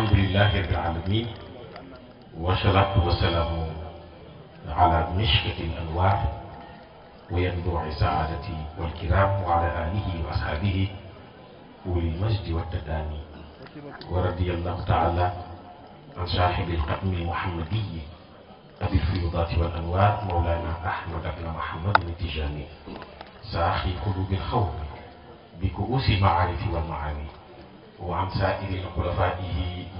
الحمد لله رب العالمين والصلاة والسلام على مشكة الأنوار وينبوع سعادتي والكرام وعلى آله وأصحابه أولي المجد والتداني ورضي الله تعالى عن صاحب القدم المحمدي أبي الفيوضات والأنوار مولانا أحمد بن محمد التجاني ساخي قلوب الخوف بكؤوس المعارف والمعاني وعن سائر الخلفاء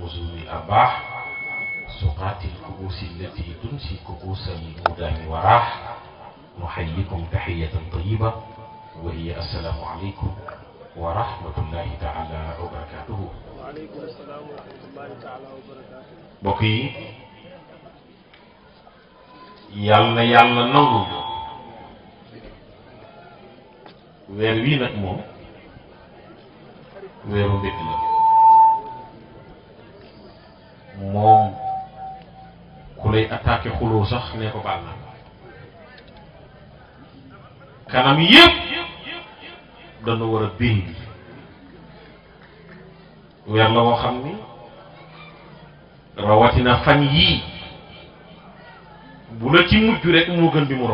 مزون الأرباح سقاط الكؤوس التي تنسي كؤوس المدان وراح نحييكم تحية طيبة وهي السلام عليكم ورحمة الله تعالى وبركاته وعليكم السلام ورحمة الله تعالى وبركاته بقي يلا يلا نغو ويروينك wii weeru mbég la moom ku lay attaqué xuloo sax ne ko baal na kanam yëpp dana war a béy bi weer la woo ni rawatina fan yii bu la ci mujj rek moo gën bi mu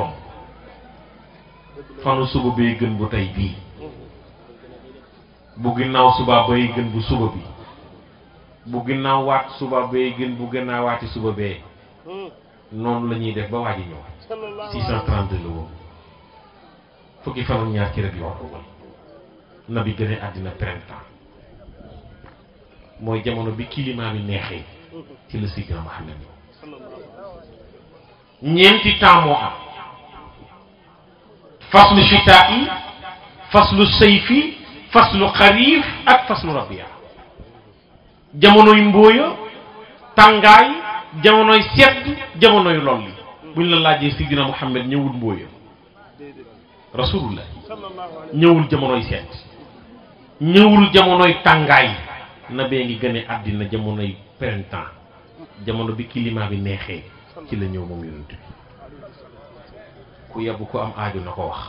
fanu suba bee gën bu tey bii bu ginnaaw suba bay gën bu suba bi bu ginnaaw waat suba bay gën bu gën a waati suba bee hmm. noonu la def ba waaji ñëwaat fukki fan ak ñaar ci rek yoo ko na bi gën a àddina printemps mooy jamono bi climat bi neexee hmm. ci la Sidina Muhammad ñeenti temps moo am faslu shitaa yi faslu sayfi faslu xariif ak faslu rabia jamonoy mbóoya tàngaay jamonoy sedd jamonoy lool buñ la laajee sidina Muhammad ñëwul mbóoya rasulullah ñëwul jamonoy sedd ñëwul jamonoy tàngaay nabee ngi gën a àddina jamonoy printemps jamono bi climat bi neexee ci la ñëw moom yonent bi ku yebbu ku am aaju na ko wax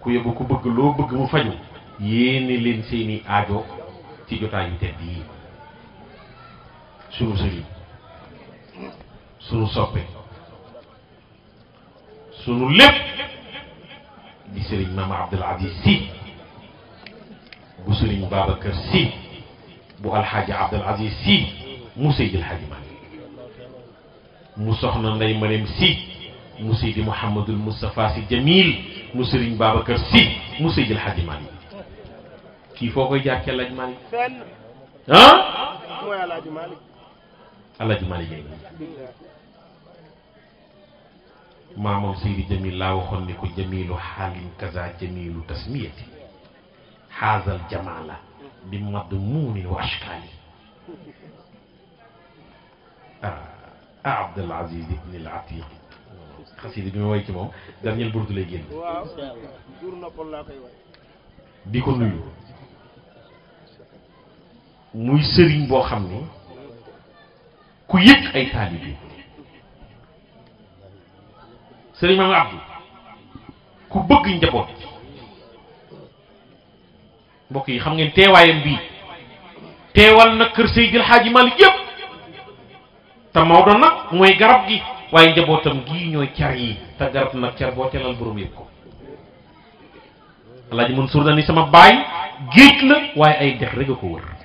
ku yebbu ku bëgg loo bëgg mu faju yéene leen seeni aajo ci jotaayu tedd yi sunu sëriñ sunu soppe sunu lépp di sëriñ maam Abdul Aziz Si bu sëriñ Babacar Si bu alxaaji Abdul Aziz Si mu Seydil Xaaji Maalik mu soxna nday Mariam Si mu Seydi Mouhamadul Moustapha Si Jamil mu sëriñ Babacar Si mu Seydil Xaaji Maalik kii foo koy jàkkee Alaaji Malick ah mooy Alaaji Malick Alaaji Malick yéen maamam Seydi Jamil laa waxoon ni ko jamilu xaalin kaza jamilu tasmiyati xaazal jamala bi madmuunin wa ashkaali ah Abdul Aziz ibn al Atiq xasida bi ma woy ci moom dernier burdu lay génn di ko nuyu muy sëriñ boo xam ne ku yëg ay taalibe sëriñ Maam Abdou ku bëgg njaboot mbokk yi xam ngeen teewaayam bi teewal na kër Seydil Hadji Malick yëpp te Maodo nag mooy garab gi waaye njabootam gii ñooy car yi te garab nag car boo teelal borom yëpp ko Alaaji Mansuur dani sama baay géej la waaye ay dex rek a ko wër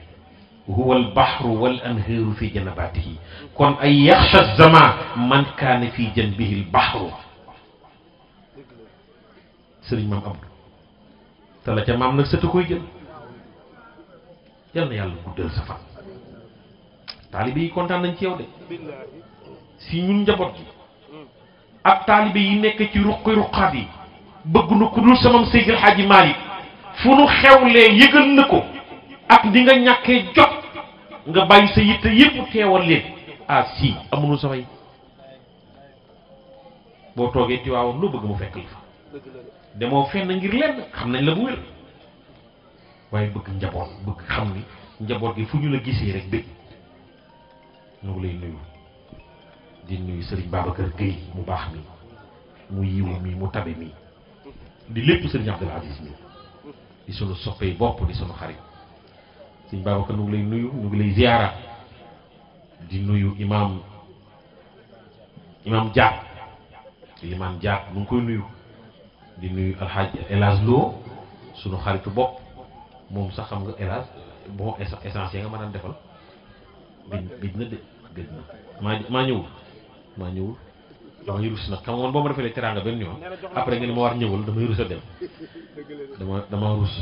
هو البحر والأنهار في جنباته كون أي يخشى الزمان من كان في جنبه البحر سيري مام أمر تلا جا مام نك ستو كوي جن يالنا يالنا مدل سفا طالبي يكون تان نانتي يودي سيون جبر جي أك طالبي ينك تي رقي رقادي بغنو كنو سمم سيجل حاجي مالي فنو خيولي يغل نكو ak di nga ñaké jot nga bay sa yitté yépp téwal leen ah si amuñu sa fay togué toogee waaw lu bëgg mu fekk la fa demoo fenn ngir lenn xam nañ la bu wër waye bëgg njabot bëgg xam ni njabot gi fuñu la gisé rek bëgg ñu lay nuyu di nuyu Serigne babakar Gueye mu bax mi mu yiwu mi mu tabé mi di lepp Serigne abdou Aziz mi di sunu soppé bop di sunu xarit sëñ Babacar ñu ngi lay nuyu ñu ngi lay ziara di nuyu imam imam Diak imam Diak ñu ngi koy nuyu di nuyu alxaaj El Hadj Lo suñu xaritu bopp mom sax xam nga El Hadj bon essence nga ma defal bi na de gëj na ma maa ma maa ñëwul damay rus nak xam nga boo ma defalee teraanga benn yoon après ngeen mo war ñewul dama rus a dem dama dama rus.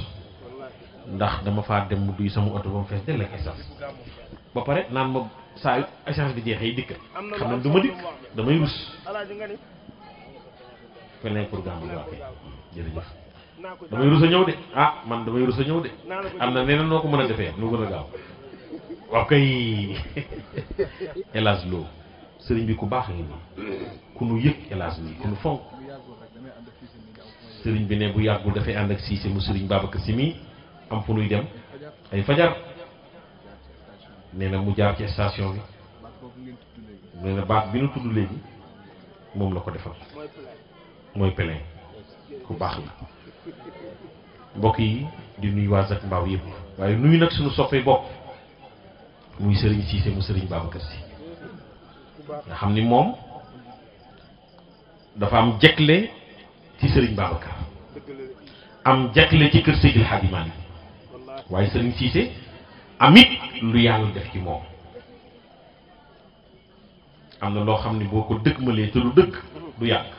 ndax dama fa dem mu duy sama oto ba mu fees dell ak essence ba naan ma saa yu essence bi jeexee dikk xam ne du ma dikk damay rus feneen programme bi waa kay a ñëw de ah, man damay rus a ñëw ko mën a defee nu gën a gaaw waaw kay hélas loo sëriñ bi ku baax ngi nii ku nu yëg hélas nii ku nu fonk sëriñ bi ne bu yàggul dafay ànd ak siise mu sëriñ Babacar Si mii am fu nuy dem ay fajar nee na mu jaar ci station bi nee na bi nu tudd léegi moom la ko defal mooy pelin ku baax la mbokk yi di nuyu waa Zac Mbao yëpp waaye nuyu nag suñu soppee bopp muy sëriñ Cissé mu sëriñ Babacar Si nga xam ni moom dafa am jekle ci sëriñ Babacar am jekle ci kër Seydil Hadji Malick waaye sëriñ Cissé amit lu yàlla def ci moom am na loo xam ne boo ko dëgmalee te lu dëgg du yàgg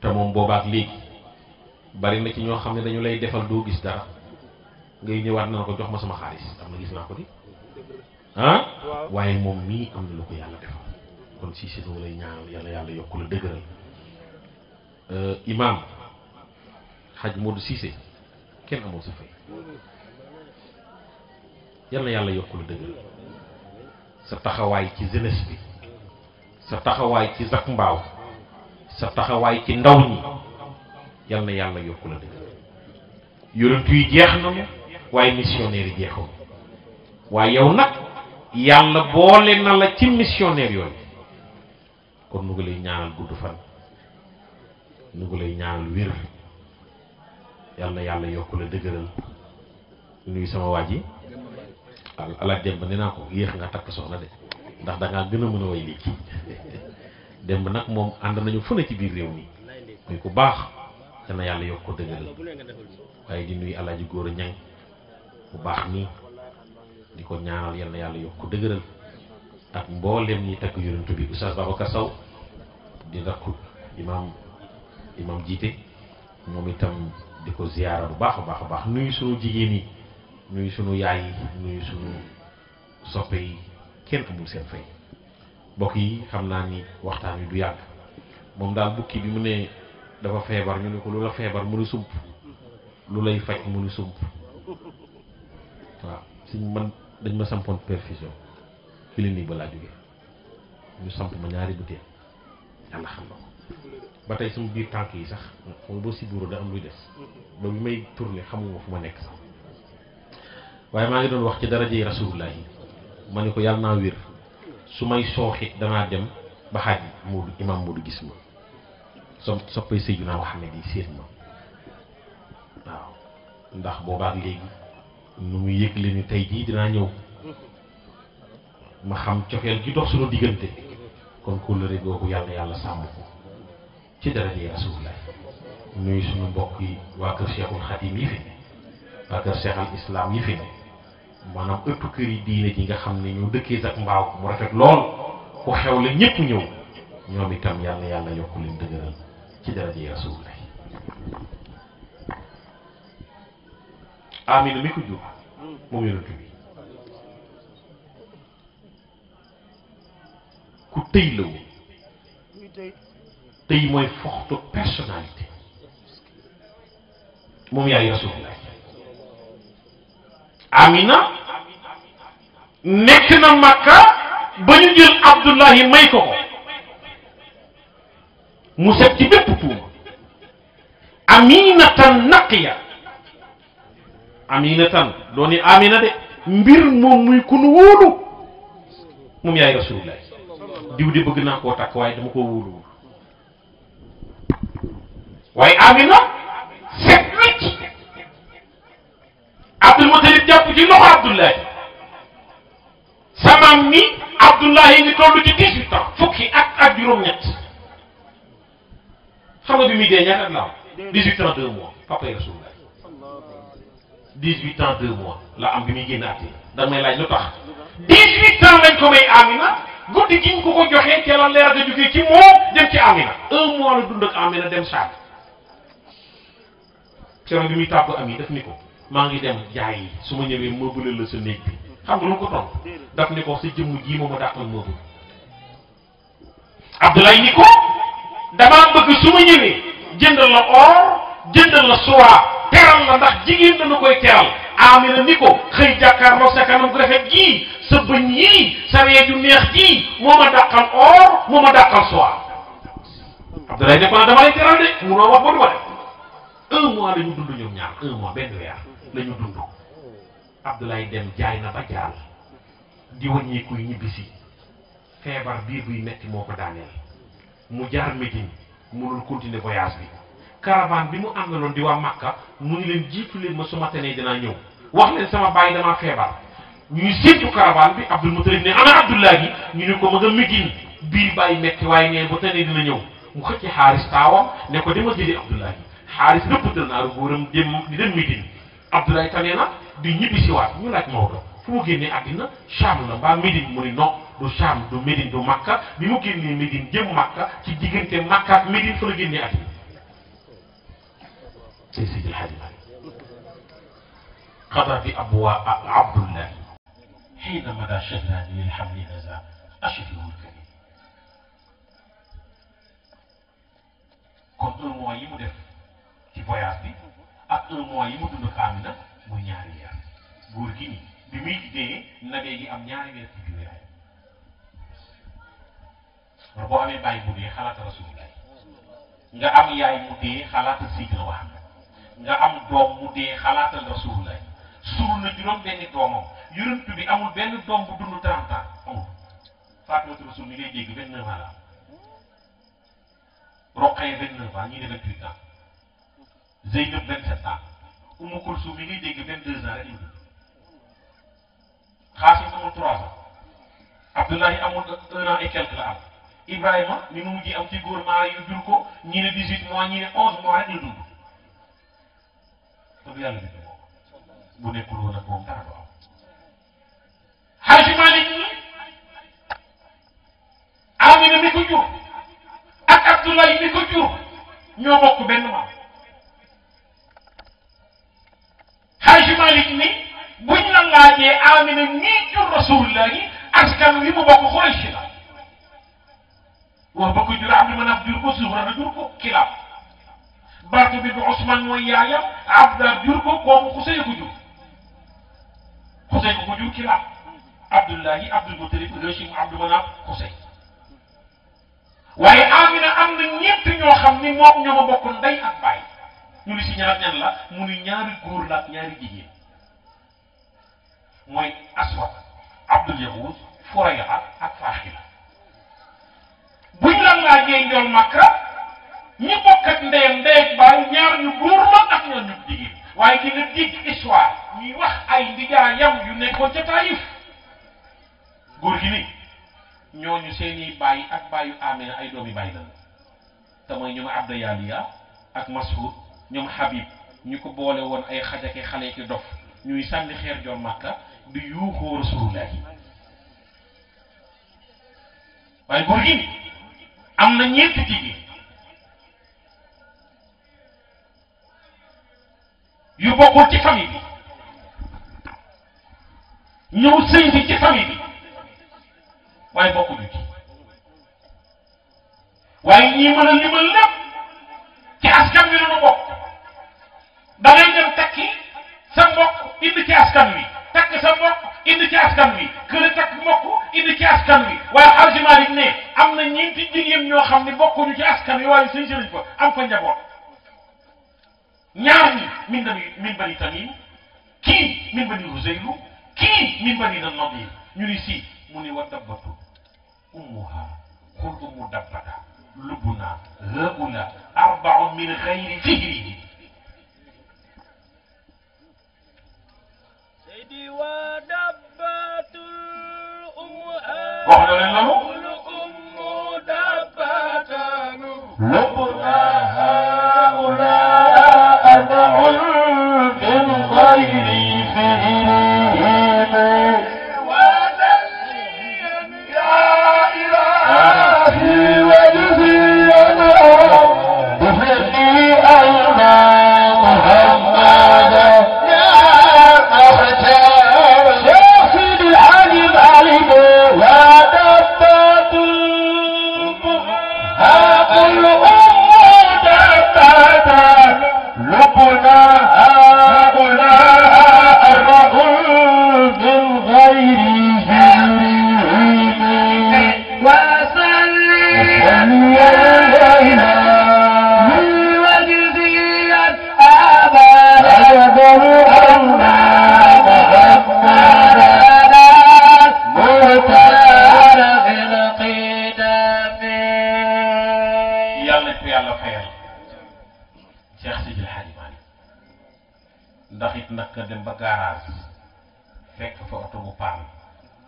te moom boobaak léegi bari na ci ñoo xam ne dañu lay defal doo gis dara ngay ñëwaat na ko jox ma sama xaalis am na gis naa ko di ah waaye moom mii am na lu ko yàlla defal kon Cissé doo lay ñaanal yàlla yàlla yokk la dëgëral euh, imaam xaj Modou Cissé kenn amoo sa fay yal na yàlla yokk la dëggal sa taxawaay ci jeunesse bi sa taxawaay ci Zac Mbao sa taxawaay ci ndaw ñi yal na yàlla yokk la dëggal yonent yi jeex na waaye missionnaire yi jeexoon waaye yow nag yàlla boole na la ci missionnaire yooyu kon nu ngi lay ñaanal gudd fan nu ngi lay ñaanal wér yàlla yàlla yokk la dëgëral nuyu sama waaj yi alaaj démb nee naa ko yéex nga takk soxna de ndax da ngaa gën a mën a way léegi démb nag moom ànd nañu fu ci biir réew mi muy ku baax dana yàlla yokk ko dëgëral waaye di nuyu alaaji góor a ñang bu baax nii di ko ñaanal yal yàlla yokk ko dëgëral ak mbooleem ñi takk yonent bi oustaz Babacar Sow di rakku imaam imaam jiite moom itam di ko ziyaara bu baax a baax a baax nuyu sunu jigéen yi nuyu sunu yaay yi nuyu sunu soppe yi kenn amul seen fay mbokk yi xam naa ni waxtaan wi du yàgg moom daal bukki bi mu ne dafa feebar ñu ne ko lu la feebar mu ni sump lu lay faj mu ni sump waaw si man dañ ma sampoon perfusion clinique ba laa jógee ñu samp ma ñaari butéel yàlla xam na ko ba tey sama biir tànk yi sax xam nga boo sibiru da am luy des ba bi may turne xamuma fu ma nekk sax waaye maa ngi doon wax ci darajey rasulullahi ma ne ko yàlla naa wér su may sooxit danaa dem ba xaaj Moodu imaam Moodu gis ma so soppay Seydina Muhammad yi séen ma waaw ndax boobaak léegi nu mu yëgle ni tey jii dinaa ñëw ma xam coxeel gi dox suñu diggante kon kóllëre googu yàlla yàlla sàmm ko ci daraja yi rasulullah nuyu suñu mbokk waa kër Cheikhul Khadim yi fi ne waa kër Cheikh al yi fi ne maanaam ëttu kër yi diine ji nga xam ne ñu dëkkee ak mbaaw mu rafet lool ku xew la ñëpp ñëw ñoom yàlla yàlla yokk leen dëgëral ci daraja yi rasulullah mi ko jur moom yonent bi ku tëy tey mooy forte personnalité moom yaay Rasulullah Amina nekk na Makka ba ñu jël Abdullahi may ko ko mu set ci bépp tuuma Aminatan naqiya Aminatan dooni Amina de mbir moom muy ku nu moom yaay Rasulullah diw bëgg naa koo takk waaye dama koo wóoluwul. waaye Amina set wecc Abdul Mutalib jàpp ci loxo Abdullahi samaam mi Abdullahi ni toll ci dix-huit ans fukki at ak juróom-ñett xam nga bi muy dee ñaata la am dix-huit ans mois papa Rasulullah dix-huit ans deux mois la am bi muy génn àtte da may laaj lu tax dix-huit ans lañ ko may Amina guddi gi ñu ko ko joxee ca la leer da jógee ci moo dem ci Amina un mois la dund Amina dem saak cërëm bi muy tàggu am yi def ni ko maa ngi dem jaay yi su ma ñëwee mëbale la sa néeg bi xam nga lu ko toll daf ni ko sa jëmm jii moom a dàqal mëbal Abdoulaye ni ko dama bëgg su ma ñëwee jëndal la or jënd la soa teral la ndax jigéen dana koy teral amina ni ko xëy jàkkaarloo sa kanam gu rafet jii sa bëñ yi sa ree ju neex jii moo ma dàqal or moo ma dàqal soa Abdoulaye ne ko ah, dama lay teral de munoo wax ba du ma def un mois la ñu dund ñoom ñaar un mois benn weer la ñu dund na ba jaal di wàññeekuy feebar biir buy metti moo mu jaar Médine mënul continuer bi caravane bi mu àndaloon di waa Makka mu ngi leen jiitu leen ma suma tenee dinaa ñëw wax leen sama bàyyi damaa feebar ñuy séddu caravane bi Abdul Mutalib ne ana Abdullahi ñu ne ko ma nga Médine biir bàyyi metti waaye nee bu tenee dina ñëw mu xëcc xaalis taawam ne ko dama jëli Abdullahi xaalis nëppatal naa góoram dem di dem mitin Abdoulaye tane na di ñibbi si waat ñu laaj Maodo fu mu génnee àddina Cham la mbaa Médine mu ni non du Cham du Médine du Makka bi mu génnee Médine jëm Makka ci diggante Makka ak Médine fa la génnee àddina tey Seydi El Hadji Malick xadra bi abwa Abdullah xiina mada shahna lil hamli naza ashfihu lkarim kon un mois yi mu def ci voyage bi ak un yi mu dund ak Amina muy ñaari weer góor gi bi muy dee nabee gi am ñaari weer ci biir yaay boo amee bàyyi bu dee xalaat rasulullah nga am yaay mu dee xalaatal Seydina Muhammad nga am na juróom benni doomam yonent bi amul benn doom bu dund 30 ans amul Fatimatu Rasul mi ngay dégg 29 ans la am Roqaya 29 ans ne 28 ans. day jot vingt sept ans Umu Kulsum mi ngay dégg vingt deux ans rek indi Xaasim amul trois ans Abdullahi amul un an et quelque la am Ibrahima mi mu mujj am ci góor maara yu jur ko ñi ne dix huit mois ñi ne onze mois rek la dund loolu yàlla def bu nekkul woon ak moom dara du am Xaaji Maalik ñi Amina mi ko jur ak Abdullahi mi ko jur ñoo bokk benn maam Amina ñii jur rasulullah ni askan ni mo bokk Quraysh la wax bokk ko jur Abdu Manaf jur ko na jur ko kila barko bi usman moy yaayam Abda jur ko ko ko sey ko jur ko sey ko jur kila abdullah Abdul Mutalib Hashim Abdu Manaf sey waye Amina am na ñett ñoo xam ni moom ñoo bokk nday ak bay ñu ci ñaar ñan la mu ni ñaari goor la ak ñaari jigéen mooy aswad abdul yahud furayra ak faaxila buñ la laajee njool makka ñi bokk ak ndeyam baay ñaar ñu góor la ak ñaar ñu jigéen waaye dina dégg histoire ñuy wax ay ndijaayam yu nekkoon ca taayif yi gi ni ñooñu seeni bàyyi ak bàyyu amina ay doomi bàyyi lañu te mooy ñoom abda yaaliya ak mas'ud ñoom habib ñu ko boole woon ay xajake xale ki dof ñuy sànni xeer joor màkka di yuuxoo rasulullahi waaye góor gi am na ñeenti jigéen yu bokkul ci famille bi ñëw sëy bi ci famille bi waaye bokkuñu ci waaye ñii mën a limal lépp ci askan wi la ñu bokk da ngay dem tekki sa mbokk indi takk sa mbokk indi ci am na ñeenti jigéen ñoo xam ne bokkuñu ci askan wi waaye sëy sëriñ fa am fa njaboot ñaar ñi min min bani tamim kii واحضر له لبنا هؤلاء أدع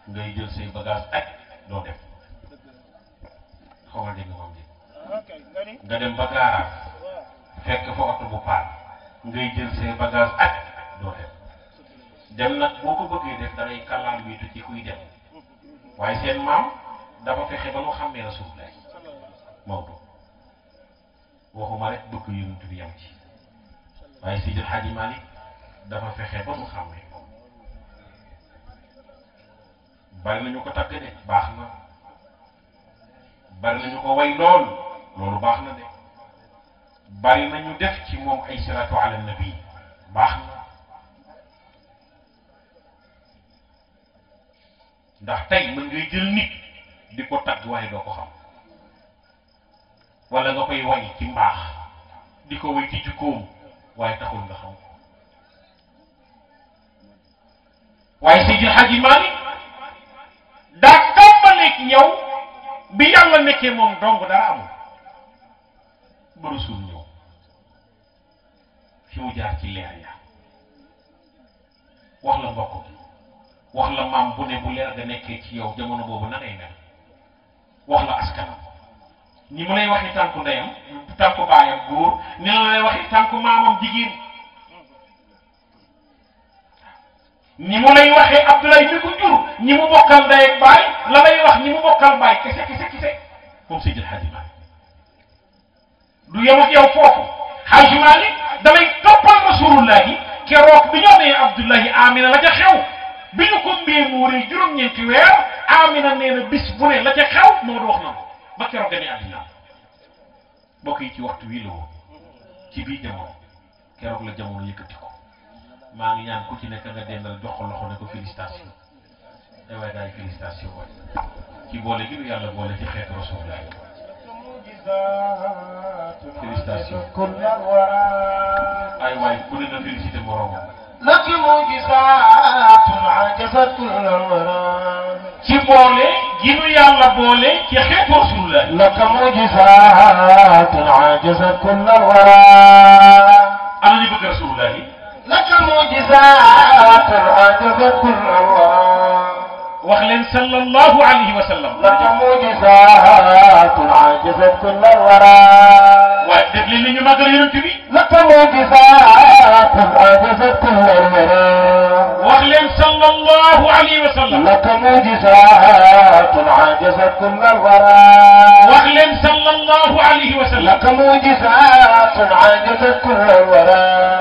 ngay jël say bagage ak eh, doo def xaw ma dégg moom dégg nga dem ba gaaraas fekk fa oto bu paan ngay jël say bagage ak eh, doo def dem nag boo ko bëggee def da ngay kàllaal bi ci kuy dem waaye seen maam dafa fexe ba mu xàmmee Rasulullah Maodo waxuma rek bëgg yonent bi yam ci waaye Seydi Hadji Malick dafa fexe ba mu xàmmee. bari nañu ko tagg de baax na bari nañu ko way lool loolu baax na de bari ñu def ci moom ay salaatu ala nabi baax na ndax tey mën ngay jël nit di ko tagg waaye doo ko xam walla nga koy way ci mbaax di ko way ci jikkoom waaye taxul nga xam waaye Seydi El Hadji Malick yow bi yàlla nekkee moom dong dara amul ba rasul ñëw fi mu jaar ci leer ya wax la mbokk bi wax la maam bu ne bu leer ga nekkee ci yow jamono boobu na mel wax la askanam ni mu lay waxi tànku ndeyam tànku baayam góor ni la lay waxi tànku maamam jigéen ni mu lay waxee Abdoulaye mi ko jur ñi mu bokkal ndey ak baay la lay wax ñi mu bokkal baay kese kese kese moom Seydil Hadji Malick du yem ak yow foofu Hadji Malick dalay toppal Rasulullahi keroog bi ñoo nee Abdoulaye Amina la ca xew bi ñu ko mbee muuree juróom-ñeenti weer Amina nee na bis bu ne la ca xew moo doon wax ko ba keroog gane àddina mbokk yi ci waxtu wii la woon ci biir jamono keroog la jamono yëkkati ko. maa ngi ñaan ku ci nekk nga dendal jox ko loxo ne ko félicitation te eh waaye daal félicitation waay ci boole gi nu yàlla boole ci xeetu rasulullah félicitation ay waay ku ne na félicité moromam laki mujisaatun ajazat kulla wara ci boole gi nu yàlla boole ci xeetu rasulullah laka mujisaatun ajazat kulla wara ana ñu bëgg rasulullah yi المعجزات العجب كل الله وخلن صلى الله عليه وسلم لك معجزات عجزت كل الورى وأكتب لي لي مقر ينتبي لك معجزات عجزت كل الورى وخلن صلى الله عليه وسلم لك معجزات عجزت كل الورى وخلن صلى الله عليه وسلم لك معجزات عجزت كل الورى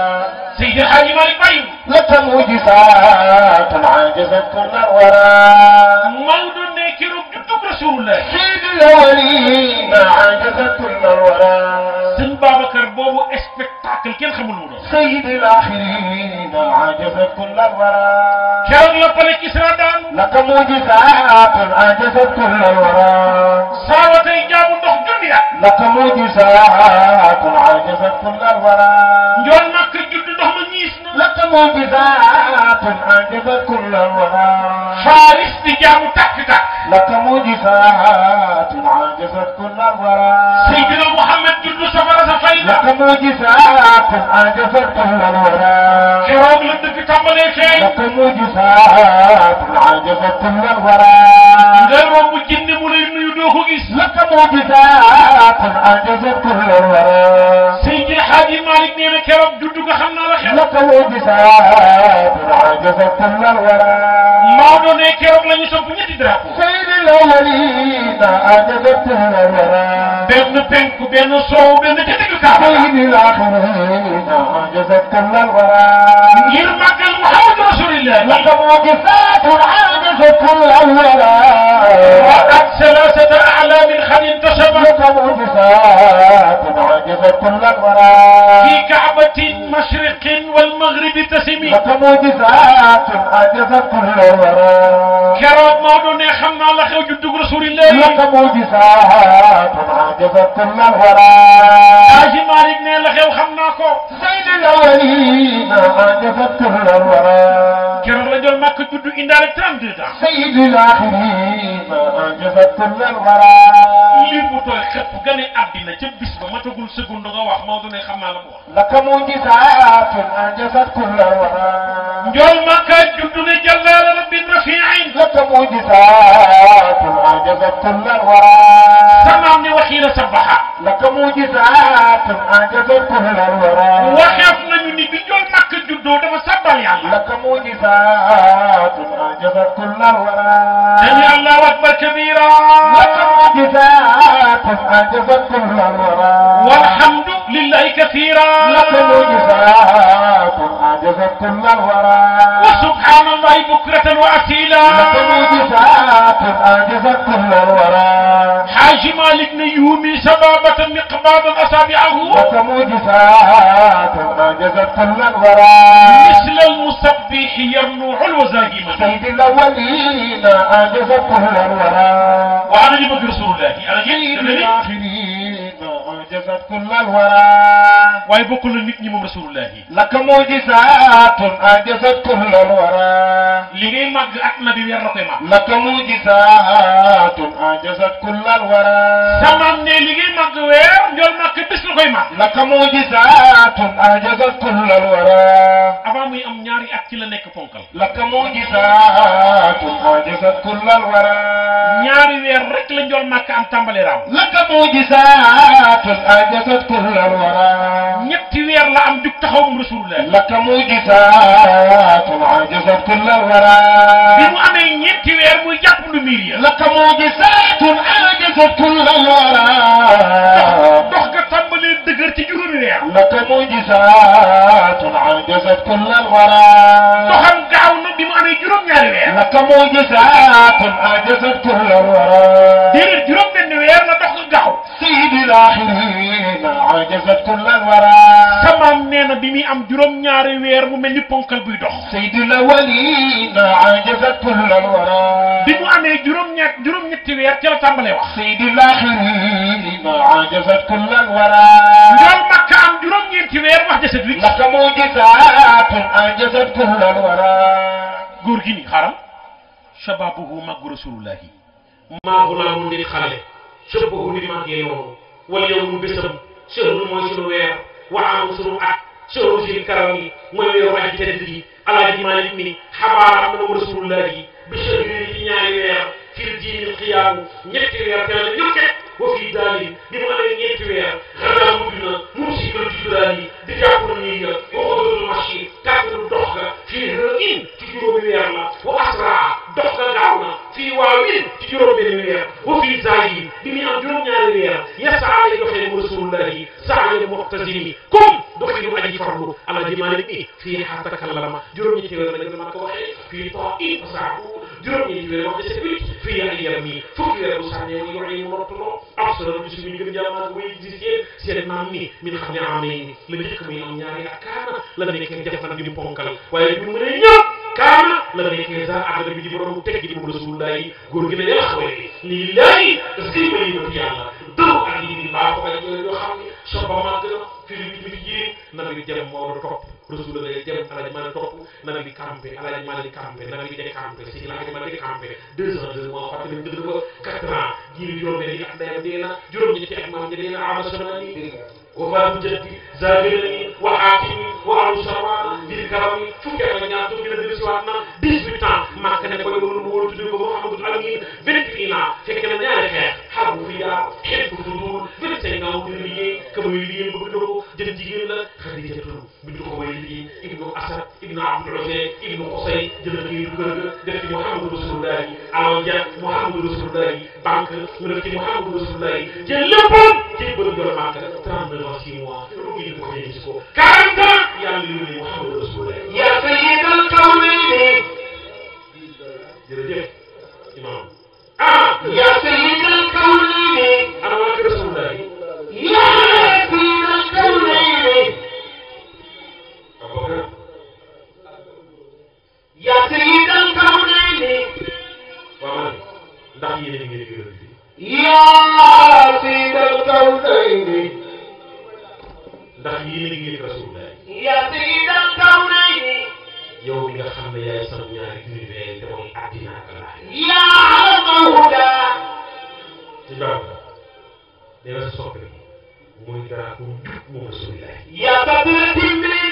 سيد الحاج مالك باي طيب. لك المعجزات عاجزت كل ورا مولد النكر جدك رسول الله سيد الاولين عاجزت كل الورى سن بابا كربوبو اسبكتاكل كين خمول سيد الاخرين عاجزت كل الورى كرم لبل كسرى دان لك معجزات عاجزت كل الورى صاوت ايجاب النخ جنيا لك معجزات عاجزت كل الورى نجول مكة جدك لك موجزات أعجب كل الورى فارس نجام تكدا لك موجزات أعجب كل الورى سيدنا محمد جل سفر سفيدا لك موجزات أعجب كل الورى كرام لن تكمل شيء لك موجزات أعجب كل الورى غير مجنب lay nuyu doo ko gis. laka moo bi daatan ajazat kulla wara. Seydi Xaaji Malick nee na keroog juddu nga xam naa la xel. laka moo bi daatan ajazat kulla wara. Maodo ne keroog la ñu samp ñetti drapeau. Seydil awwalina ajazat kulla wara. benn penk benn soow benn ca digg kaaba. Seydil axirina ajazat kulla wara. ngir màgg لقد وقفت وقفات حادثة الأولى وقد ثلاثة هل انتسبت معجزات عجبت كل الورى في كعبة مشرق والمغرب تسمي لك معجزات عجبت كل الورى كرام مانو نخمنا لك وجدك رسول الله لك معجزات عجبت كل الورى حاجي مالك نيل لك وخمناكو سيد الأولين عجبت كل الورى كرام رجل مكة تدو إندالك 32 سيد الآخرين عجبت كل الورى limuta xëpp gane àddina ca bis ba matagul seconde nga wax Maodo ne xam naa la mu wax laka mujisaatun anjasat kulla wara njool Makka رب رفيع فكموجزات أعجزت كل الورى تمام وخيل سبحا لكموجزات أعجزت كل الورى وخيف من ينبي جول مكة جدو دفا سبال يالا لكموجزات أعجزت كل سمع الله أكبر كبيرا لكموجزات أعجزت كل الورى والحمد لله كثيرا لك معجزات أعجزت كل الورى وسبحان الله بكرة وأصيلا لك معجزات أعجزت كل الورى حاج مالك نيومي سبابة مقباضا أصابعه لك معجزات أعجزت كل الورى مثل المسبح يرنوع الوزاهيم سيد الأولين أعجزت كل الورى وأنا لبك رسول الله أنا جيد كل الورى waaye bokkul la nit ñi moom rasulullah yi لك معجزات أنجزت كل الورى li ngay màgg ak nabi weer la koy màgg لك معجزات أنجزت كل الورى samaam ne li ngay màgg weer njool màgg bés la koy màgg لك معجزات أنجزت كل الورى avant muy am ñaari la nekk ponkal لك معجزات أنجزت كل الورى ñaari weer rek la njool màgg am tàmbali جسد كل الورى ñetti weer la am jug taxaw mu rasulullah لك معجزات عجزت كل الورى bi mu amee ñetti weer muy jàpp lu miir ya لك معجزات عجزت كل الورى dox nga tàmbalee dëgër ci juróomi weer لك معجزات عجزت كل الورى doxam gaaw na bi mu amee juróom-ñaari weer لك معجزات عجزت كل الورى déedéet juróom benn weer la dox nga gaaw وجزت كل الورى samaam nee na bi muy am juróom-ñaari weer mu mel ni ponkal buy dox sayyidul awwalina ajazat kull alwara bi mu amee juróom-ñaar juróom-ñetti weer ca la tàmbalee wax sayyidul axirina ajazat kull alwara njool makka am juróom-ñeenti weer wax deset wi laka mujizatun ajazat kull alwara góor gi ni xaram shababuhu mag rasulullahi maa gulaamu ndiri xale shabahu ndiri mag yeewoo wala yow mu bésam sëru mooy sunu weer waxaanu sunu at sëru sunu karam yi mooy weeru aji tedd yi alaaji Maalik mi xabaar am na rasulullah yi bi sëru ci ñaari weer fil diini xiyaamu ñetti weer teel a ñëw wa fii daali li mu amee ñeenti weer xanaa mujj na mu si kër juddu daal yi di jàppul nii nga waxoon marché tàggatul dox ga fii in ci juróomi weer la wa asraa dox ga gaaw na fii waaw in ci juróomi weer wa fii zaay yi bi muy am juróom-ñaari weer yasaale rasulullahi saaya muxtasimi comme doxinu aji farlu ala ji Maalik bi fii xaata takallama juróom-ñetti weer lañ doon mën ko waxee fii too it saaku juróom-ñetti weer wax dëgg yàlla fii ay yaram yi fukki weer bu sànnee wu ñu mu noppaloo am solo bi suñu gën jàmmaat bu existé seen maam mi min xam ne amee la njëkk muy am ñaari akaana la nekkee jafan bi mu ponkal waaye bi mu ne ñëpp kaana la nekkee sax àdduna bi di borom teg gi moom rasulullah yi góor gi ne yàlla xoolee lii laay parce que may yëngatu yàlla dëgg ak yi ni mbaa ko ak yooyu yoo xam ne sobamaa gën a firi bi bi yéen nana bi jëm moo la topp rasulullah yi jëm alaaj ma la topp nana bi campé alaaj ma la di campé nana bi de campé si laaj ma la di campé deux ans deux mois fàttali ñu dëgg ba quatre ans jii juróom-benn yi ak ndeyam dee na juróom-ñetti ak maam ñi dee na amasama nii وما بجدي زاغلني وحاكمي وعلو شرما بير كرامي فكي على نيا تو بير دير سواتنا 18 ans ماك نك كو يولو مول تودي كو محمد الامين 28 ans فك نا نيا خير حرب فيا حب فضول 25 ans بير لي كما لي بو دو جدي جيل لا خديجه تو بيدو كو وي لي ابن اسد ابن عبد العزيز ابن قصي جدي لي دو دير محمد رسول الله على جا محمد رسول الله بانك من محمد رسول الله جلبم جيبل جرماك 32 وسيما روي المحيسكو كانت يعلمني محمد رسول الله يا سيد الكونين جرجف إمام آه يا سيد الكونين أنا معك رسول الله يا سيد الكونين أبو بكر يا سيد الكونين ومن دعيني من يا سيد الكونين ndax yéen a ngi yëg rasulullah ya sayyidal kawnayni yow mi nga xam ne yaay sama ñaari univers te mooy addina ak allah. yaa alamal huda. ci jaww ji dina soppi mooy drapeau bi moom rasulullah. yaa badra timmi.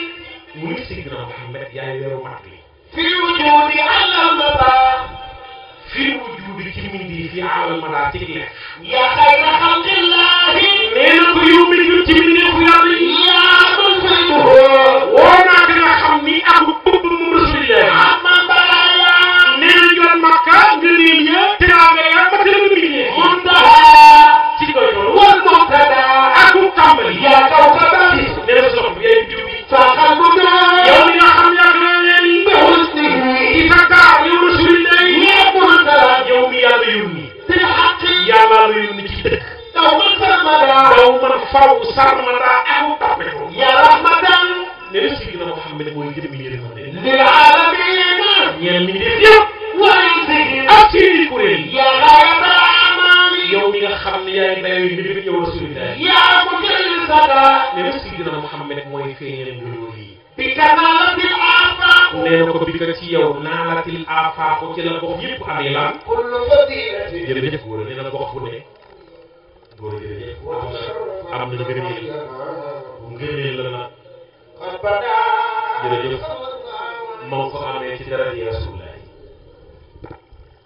muy Seydina Muhammad yaay weeru mat bi. fi wujudi alal mata. fi wujudi ci mindi fi alal mata ci leef. yaa xayra xalqillahi nee na ko yow mi gën ci mbindeefu yàlla yi yaa man faw sarmata aku tappe ko ya rahmatan ne la Seydina Muhammad mooy jëmmi yërmande lil alamina ñeel mi def yëpp waaye Seydina ak Seydina kuréel ya xayra amali yow mi nga xam ne yaay dayoo yi nit yow rasulillah yaa ko jël sata ne la Seydina Muhammad mooy feeñal ngëneel yi bika naalatil aafaaku nee na ko bika ci yow naalatil aafaaku ci la gox yëpp amee lan kullu fadilati jërëjëf góor nee na gox bu ne góor jërëjëf aram na gërëm yi ngërëm la nag jërëjëf moo ko amee ci dara di rasulaay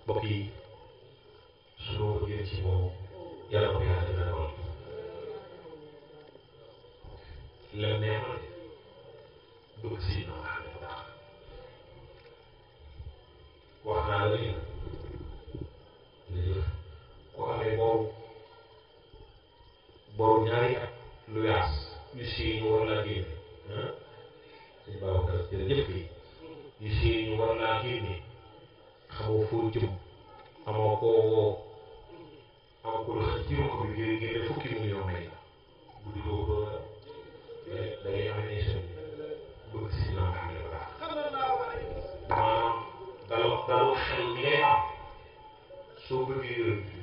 mbokk yi soo ko jëlee ci moom yàlla ko yàlla dina doon la neexal dugg si noo xam ne baax wax naa la ne ko amee boobu boobu ñaari lu yaas yu war laa génne ah suñu Babacar jërëjëf yi yu sii ñu war laa génne xamoo foo jëm amoo koo woo amoo ko doon ci ruq bi ngir génne fukki la bu di boobu da ngay amee nation bëgg si la nga xam ne baax maanaam daloo daloo xel mi ngay soo bëggee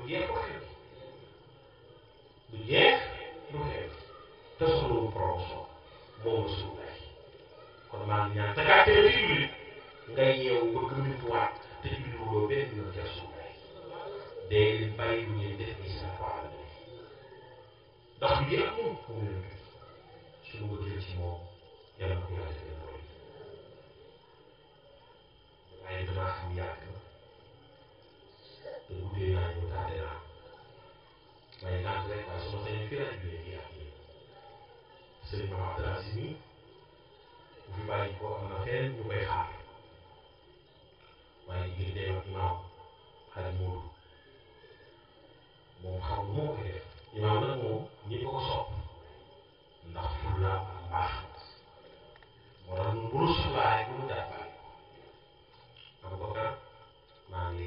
du jeex du xew du jeex du xew te moom la suuf kon maa ngi ñaan takaatee la julli nga yeewu ba gëmintuwaat te julliwoo benn yoon ca suuf lay dee leen bàyyi lu ngeen def ni seen waa la ndax lu jeex moom moom la ñu suñu bëggee ci moom yàlla na ko yàlla defee loolu waaye damaa xam yàgg jàngale ak soññee keneen bi ñuy jàngale sëriñ Mame Abdou Aziz mi bu fi bàyyi ko am na keneen ñu koy xaar waaye digganteem ak imaam xale xam lu moo koy def imaam nag moom ñi ko ko sopp ndax fulla am moo la suulaa rek lu mu jàppale am ko kat maa ngi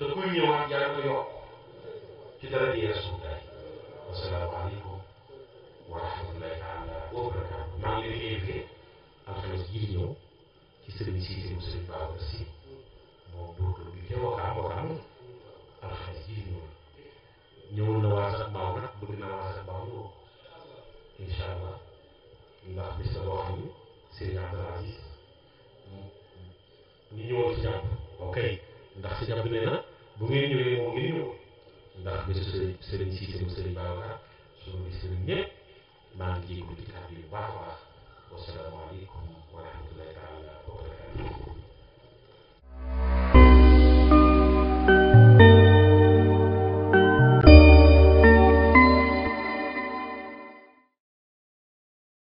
te kuy ñëwaat yàlla ko yokk ci dara di Rasulullaah wasalaamu aleykum wa rahmatullaahi taala wa barakaatu maa ngi leen di invité ji ñëw ci sëriñ Siise mu sëriñ Babacar Si moom dootul bi te wakaam wakaam alxames ji ñëw ñëwul na waa baaw nag bëgg na waa baaw ñëw incha ndax bis la boo xam ne sëriñ Abdul Aziz ñu si jàpp ok ndax si jàpp nee na ngeen ñëwee moom ngeen ñëw ndax bisu sëriñ sëriñ Cissé mu sëriñ Babacar suñu bis ñëpp maa ngi jégalu ci kàddu yu baax a baax wasalaamaaleykum wa